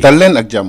dal leen ak jam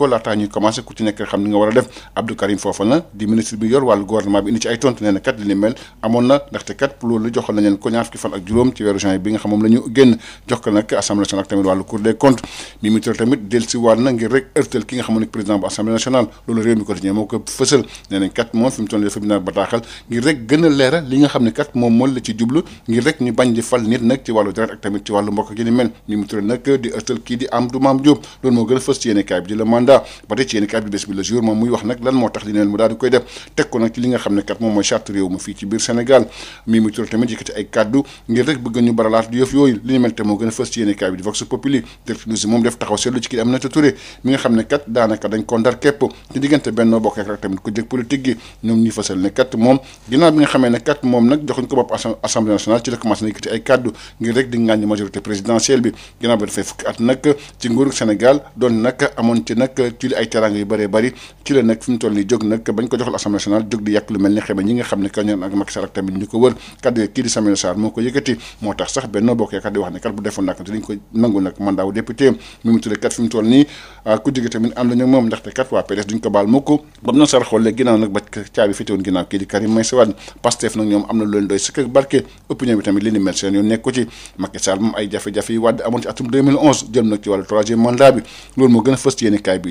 ko laataa ñuy commencé ku ci nekk xam ni nga war a def Abdou Karim Fofana di ministre bi yor wàllu gouvernement bi indi ci ay tontu nee kat li ni mel amoon na ndaxte kat loolu joxoon nañ leen ko ñaar fukki fan ak juróom ci weeru juin bi nga xam moom la génn jox ko nag assemblée nationale tamit wàllu cour des comptes Mimi Touré tamit dellusiwaat na ngir rek ërtal ki nga xam ne président bu assemblée bataaxal ngir rek gën a li nga xam ne kat moom mool mandat ba tey ci yéen kat bi bés bi mu nga xam ne kat daanaka dañ ko ndar képp diggante Benno Bokk Yaakaar tamit ku jëg politique gi ñoom ñi fasal ne kat moom ginnaaw bi nga xamee ne kat moom nag joxuñ ko bopp assemblée nationale ci la commencé na yëkkati ay kaddu ngir rek di ngàññi majorité présidentielle bi ginnaaw ba dafay fukki at nag ci nguuru Sénégal doon nag amoon ci nag ci li ay teranga yu bëree bëri ci la nag fi toll nii jóg nag bañ ko joxal assemblée nationale jóg di yàq lu mel ni xeme ñi nga xam ne kañoon ak Macky moom ay jafe-jafe yi Wade amoon ci atum 2011 jëm nag ci wàllu troisième mandat bi loolu moo gën a fës kaay bi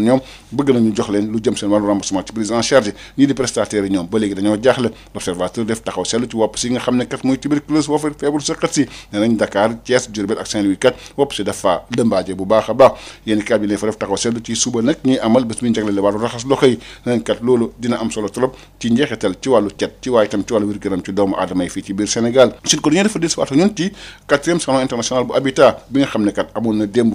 ne ñoom bëgg nañu jox leen lu jëm seen wàllu remboursement ci prise en charge ñii di prestataires yi ñoom ba léegi dañoo jaaxle l'observateur def taxaw seetlu ci wopp si nga xam ne kat mooy tuberculose woo fa feebul si nee kat loolu dina am solo trop ci njeexital ci wàllu cet ci waaye itam ci wàllu wér ci doomu aadama yi fii ci biir Sénégal suñ ko dañoo defa dil siwaata ñun ci quatrième salon international bu habitat bi nga xam ne kat amoon na démb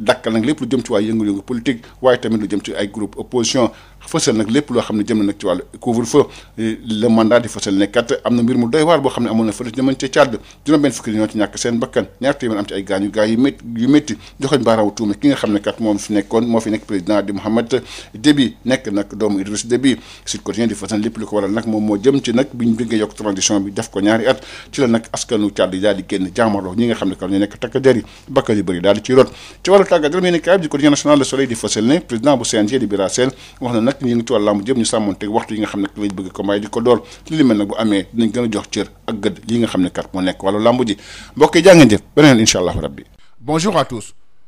dakkal nag lépp lu jëm ci waaye yëngu-yëngu politique waaye tamit lu jëm ci ay groupe opposition fësal nag lépp loo xam ne jëm na nag ci wàllu couvre-feu le mandat di fësal ne kat am na mbir mu doy waar boo xam ne amoon na fële jëman ca Tchad juróom benn fukki ñoo ci ñàkk seen bakkan ñaar téeméer am ci ay gaañu gaañ ne kat moom fi nekkoon yi daal di ñi nga xam ne kat ñu nekk takk der yi yu bëri daal di ciy wàllu tàggat yaram yéen kaay bi di quotidien national le soleil di fësal ne président bu CNG di Bira wax na nag ñu ngi ci wàllu làmb jëm ñu sàmmoon teg waxtu yi nga xam ne lañ bëgg ko may di door li li nag bu amee dinañ gën a jox cër ak gëdd li nga xam ne kat moo nekk wàllu làmb ji mbokk yi jàngeen jëf beneen allahu rabbi bonjour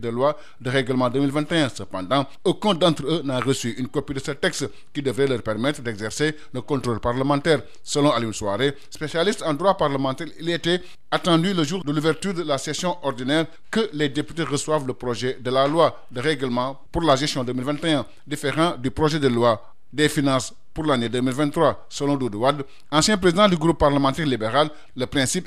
de loi de règlement 2021. Cependant, aucun d'entre eux n'a reçu une copie de ce texte qui devrait leur permettre d'exercer le contrôle parlementaire. Selon Aliou Soiré, spécialiste en droit le jour de l'ouverture de la session ordinaire que les députés la loi de règlement pour la gestion 2021, différent du projet de loi des finances pour l'année 2023. Selon Doudouad, ancien président du groupe parlementaire libéral, le principe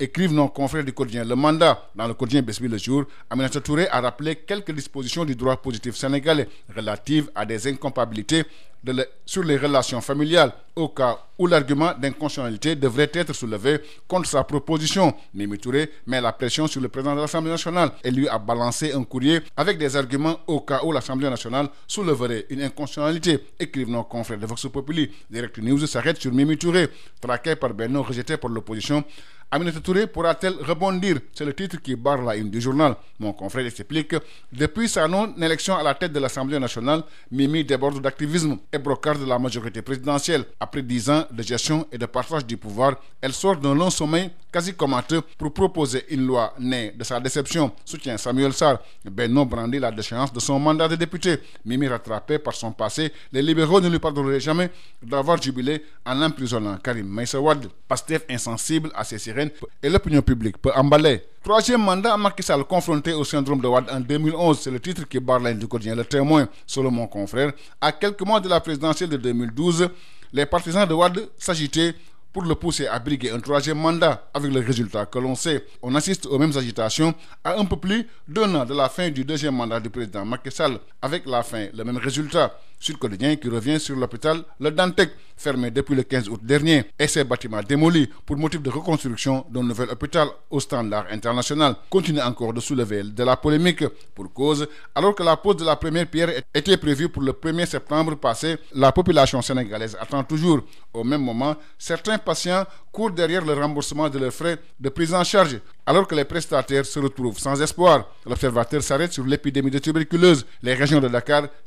écrivent nos confrères du quotidien Le Mandat. Dans le quotidien Besbi Le Jour, Aminata Touré a rappelé quelques dispositions du droit positif sénégalais relatives à des incompatibilités de la, sur les relations familiales au cas où l'argument d'inconstitutionnalité devrait être soulevé contre sa proposition. Mimi Touré met la pression sur le président de l'Assemblée nationale et lui a balancé un courrier avec des arguments au cas où l'Assemblée nationale souleverait une inconstitutionnalité. Écrivent nos confrères de Vox Populi. Direct News s'arrête sur Mimi Touré, traqué par Benoît, rejeté par l'opposition. Aminata Touré elle rebondir et brocard de la majorité présidentielle. Après dix ans de gestion et de partage du pouvoir, elle sort d'un long sommeil quasi comateux pour proposer une loi née de sa déception, soutient Samuel Sarr. Benno brandit la déchéance de son mandat de député. Mimi rattrapé par son passé, les libéraux ne lui pardonneraient jamais d'avoir jubilé en emprisonnant Karim Meissawad. Pastef insensible à ses sirènes et l'opinion publique peut emballer. Troisième mandat à Macky Sall confronté au syndrome de Wade en 2011, c'est le titre qui barre la du quotidien Le Témoin, selon mon confrère. À quelques mois de la présidentielle de 2012, les partisans de Wade s'agitaient pour le pousser à briguer un troisième mandat avec le résultat que l'on sait. On assiste aux mêmes agitations à un peu plus d'un de la fin du deuxième mandat du président Macky avec la fin, le même résultat. Sud Quotidien qui revient sur l'hôpital Le Dantec, fermé depuis le 15 août dernier, et ses bâtiments démolis pour motif de reconstruction d'un nouvel hôpital au standard international, continue encore de soulever de la polémique pour cause, alors que la pose de la première pierre était prévue pour le er septembre passé, la population sénégalaise attend toujours. Au même moment, certains patients courent derrière le remboursement de leurs frais de prise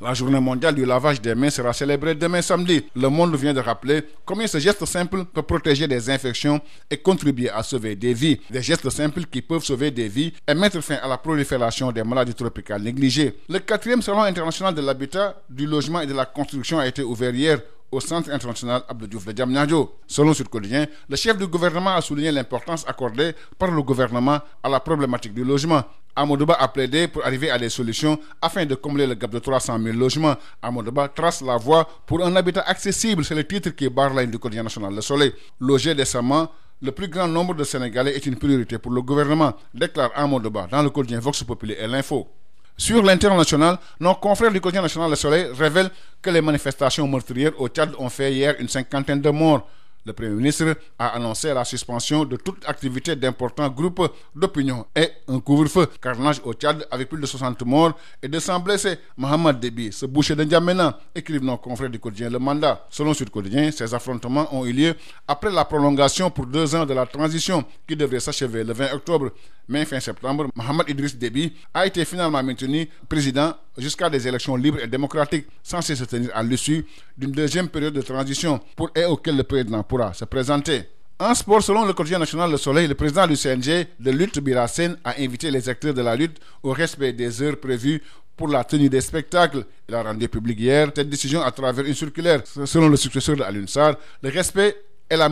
La journée mondiale du lavage des mains sera célébrée demain samedi. Le monde vient de rappeler combien ce geste simple peut protéger des infections et contribuer à sauver des vies. Des gestes simples qui peuvent sauver des vies et mettre fin à la prolifération des maladies tropicales négligées. Le quatrième salon international de l'habitat, du logement et de la construction a été ouvert hier au Centre international Abdou Diouf de Diamniadio. Selon Sud Quotidien, le chef du gouvernement a souligné l'importance accordée par le gouvernement à la problématique du logement. Amadouba a plaidé pour arriver à des solutions afin de combler le gap de 300 000 logements. trace la voie pour un habitat accessible, c'est le titre qui barre la ligne du quotidien national Le Soleil. Loger décemment, le plus grand nombre de Sénégalais est une priorité pour le gouvernement, Sur l'international, nos confrères du quotidien national Le Soleil révèlent que les manifestations meurtrières au Tchad ont fait hier une cinquantaine de morts. Le Premier ministre a annoncé la suspension de toute activité d'importants groupes d'opinion et un couvre Carnage au Tchad avec plus de morts et 200 blessés. Mohamed Déby, ce boucher de N'Djamena, écrivent nos confrères du quotidien Le Mandat. Selon Sud Quotidien, ces affrontements ont eu lieu après la prolongation pour deux ans de la transition qui devrait s'achever le 20 octobre. Mais fin septembre, Mohamed Idriss Déby a été finalement maintenu président jusqu'à des élections libres et démocratiques censées se tenir à l'issue d'une deuxième période de transition et auquel le président pourra se présenter. En sport, selon le quotidien national Le Soleil, le président du CNG de lutte Birassène a invité les acteurs de la lutte au respect des heures prévues pour la tenue des spectacles. Il a rendu public hier cette décision à travers une circulaire. Selon le successeur de Alunsar, le respect et la